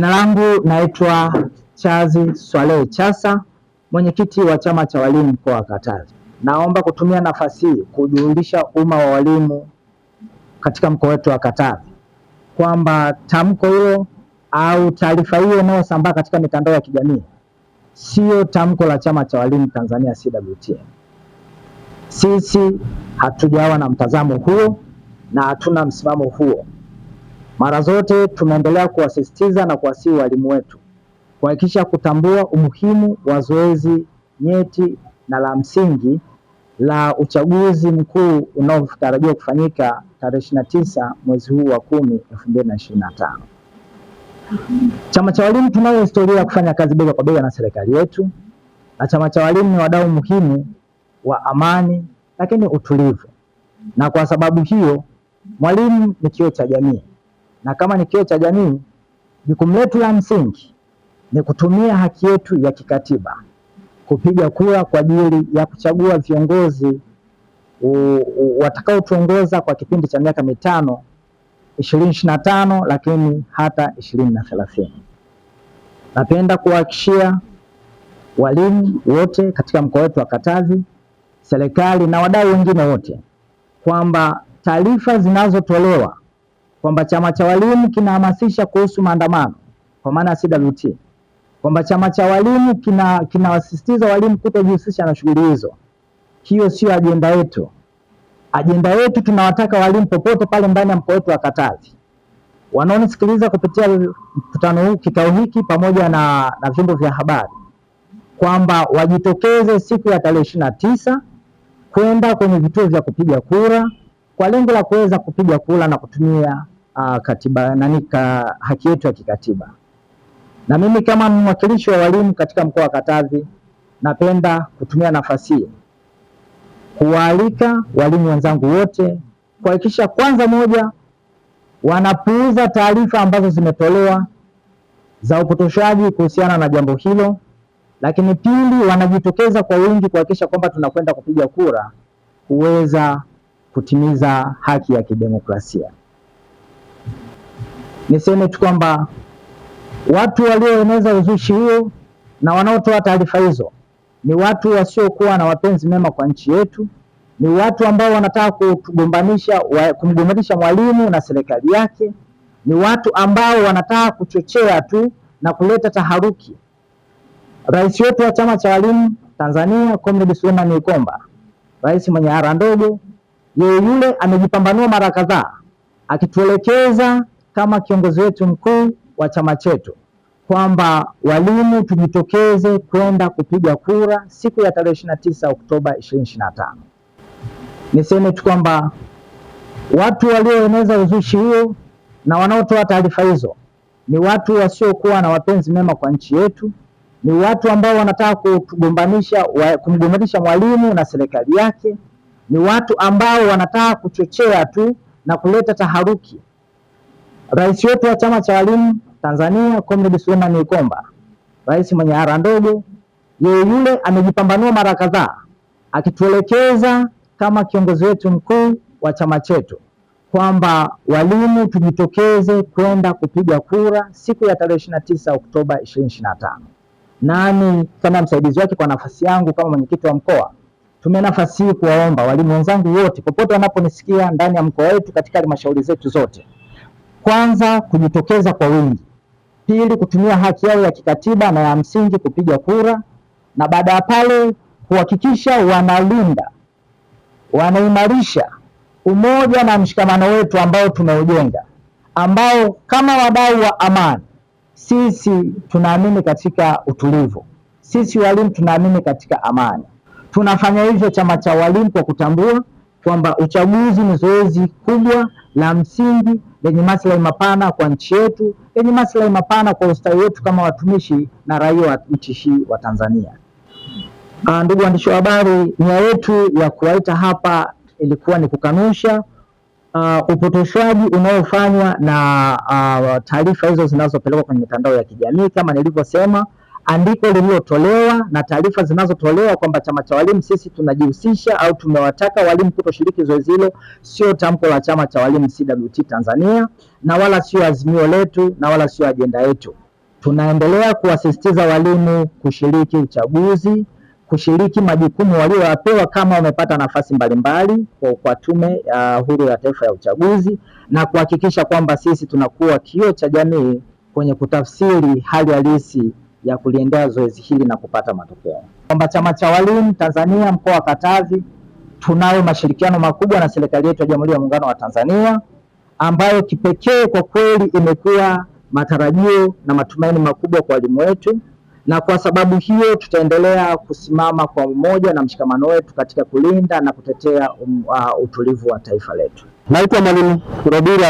Jina langu naitwa Chazi Swalehe Chasa, mwenyekiti wa chama cha walimu mkoa wa Katavi. Naomba kutumia nafasi hii kujulisha umma wa walimu katika mkoa wetu wa Katavi kwamba tamko hilo au taarifa hiyo inayosambaa katika mitandao ya kijamii siyo tamko la chama cha walimu Tanzania CWT. Sisi hatujawa na mtazamo huo na hatuna msimamo huo. Mara zote tunaendelea kuwasisitiza na kuwasihi walimu wetu kuhakikisha kutambua umuhimu wa zoezi nyeti na la msingi la uchaguzi mkuu unaotarajiwa kufanyika tarehe ishirini na tisa mwezi huu wa kumi elfu mbili na ishirini na tano. Chama cha walimu tunayo historia ya kufanya kazi bega kwa bega na serikali yetu, na chama cha walimu ni wadau muhimu wa amani, lakini utulivu, na kwa sababu hiyo mwalimu ni kioo cha jamii na kama ni kio cha jamii, jukumu letu la msingi ni kutumia haki yetu ya kikatiba kupiga kura kwa ajili ya kuchagua viongozi watakaotuongoza kwa kipindi cha miaka mitano ishirini ishirini na tano lakini hata ishirini na thelathini. Napenda kuwahakikishia walimu wote katika mkoa wetu wa Katavi, serikali na wadau wengine wote kwamba taarifa zinazotolewa kwamba chama cha walimu kinahamasisha kuhusu maandamano kwa maana ya CWT, kwamba chama cha walimu kinawasisitiza kina walimu kutojihusisha na shughuli hizo. Hiyo sio ajenda yetu. Ajenda yetu tunawataka walimu popote pale ndani ya mkoa wetu wa Katavi wanaonisikiliza kupitia mkutano huu, kikao hiki pamoja na, na vyombo vya habari kwamba wajitokeze siku ya tarehe ishirini na tisa kwenda kwenye vituo vya kupiga kura kwa lengo la kuweza kupiga kura na kutumia uh, katiba nani ka, haki yetu ya kikatiba. Na mimi kama mwakilishi wa walimu katika mkoa wa Katavi, napenda kutumia nafasi hii kuwaalika walimu wenzangu wote kuhakikisha kwanza, moja, wanapuuza taarifa ambazo zimetolewa za upotoshaji kuhusiana na jambo hilo, lakini pili, wanajitokeza kwa wingi kuhakikisha kwamba tunakwenda kupiga kura kuweza kutimiza haki ya kidemokrasia. Niseme tu kwamba watu walioeneza uzushi huo na wanaotoa taarifa hizo ni watu wasiokuwa na wapenzi mema kwa nchi yetu, ni watu ambao wanataka kutugombanisha, kumgombanisha Mwalimu na serikali yake, ni watu ambao wanataka kuchochea tu na kuleta taharuki. Rais wetu wa chama cha walimu Tanzania Comrade Suleiman Ikomba, rais mwenye hara ndogo yeye yule amejipambanua mara kadhaa akituelekeza kama kiongozi wetu mkuu wa chama chetu kwamba walimu tujitokeze kwenda kupiga kura siku ya tarehe 29 Oktoba 2025. Niseme tu kwamba watu walioeneza uzushi huo na wanaotoa taarifa hizo ni watu wasiokuwa na wapenzi mema kwa nchi yetu, ni watu ambao wanataka kumgombanisha mwalimu na serikali yake, ni watu ambao wanataka kuchochea tu na kuleta taharuki. Rais wetu wa chama cha walimu Tanzania Comrade Suleiman Ikomba, rais mwenye ara ndogo, yeye yule amejipambanua mara kadhaa akituelekeza kama kiongozi wetu mkuu wa chama chetu kwamba walimu tujitokeze kwenda kupiga kura siku ya tarehe 29 Oktoba 2025. Nani kama msaidizi wake kwa nafasi yangu kama mwenyekiti wa mkoa Tumia nafasi hii kuwaomba walimu wenzangu wote popote wanaponisikia ndani ya mkoa wetu katika halmashauri zetu zote, kwanza kujitokeza kwa wingi, pili kutumia haki yao ya kikatiba na ya msingi kupiga kura, na baada ya pale kuhakikisha wanalinda, wanaimarisha umoja na mshikamano wetu ambao tumeujenga, ambao kama wadau wa amani sisi tunaamini katika utulivu, sisi walimu tunaamini katika amani. Tunafanya hivyo chama cha walimu kwa kutambua kwamba uchaguzi ni zoezi kubwa la msingi lenye maslahi mapana kwa nchi yetu, lenye maslahi mapana kwa ustawi wetu kama watumishi na raia wa nchi hii wa Tanzania. Ah, ndugu waandishi wa habari, nia yetu ya kuwaita hapa ilikuwa ni kukanusha uh, ah, upotoshwaji unaofanywa na uh, taarifa hizo zinazopelekwa kwenye mitandao ya kijamii. Kama nilivyosema andiko lililotolewa na taarifa zinazotolewa kwamba chama cha walimu sisi tunajihusisha au tumewataka walimu kutoshiriki zoezi hilo, sio tamko la chama cha walimu CWT Tanzania na wala sio azimio letu na wala sio ajenda yetu. Tunaendelea kuwasisitiza walimu kushiriki uchaguzi, kushiriki majukumu waliowapewa kama wamepata nafasi mbalimbali kwa, kwa Tume ya uh, Huru ya Taifa ya Uchaguzi na kuhakikisha kwamba sisi tunakuwa kio cha jamii kwenye kutafsiri hali halisi ya kuliendea zoezi hili na kupata matokeo, kwamba chama cha walimu Tanzania mkoa wa Katavi tunayo mashirikiano makubwa na serikali yetu ya Jamhuri ya Muungano wa Tanzania ambayo kipekee kwa kweli imekuwa matarajio na matumaini makubwa kwa walimu wetu, na kwa sababu hiyo tutaendelea kusimama kwa umoja na mshikamano wetu katika kulinda na kutetea um, uh, utulivu wa taifa letu. Naitwa Mwalimu Robiri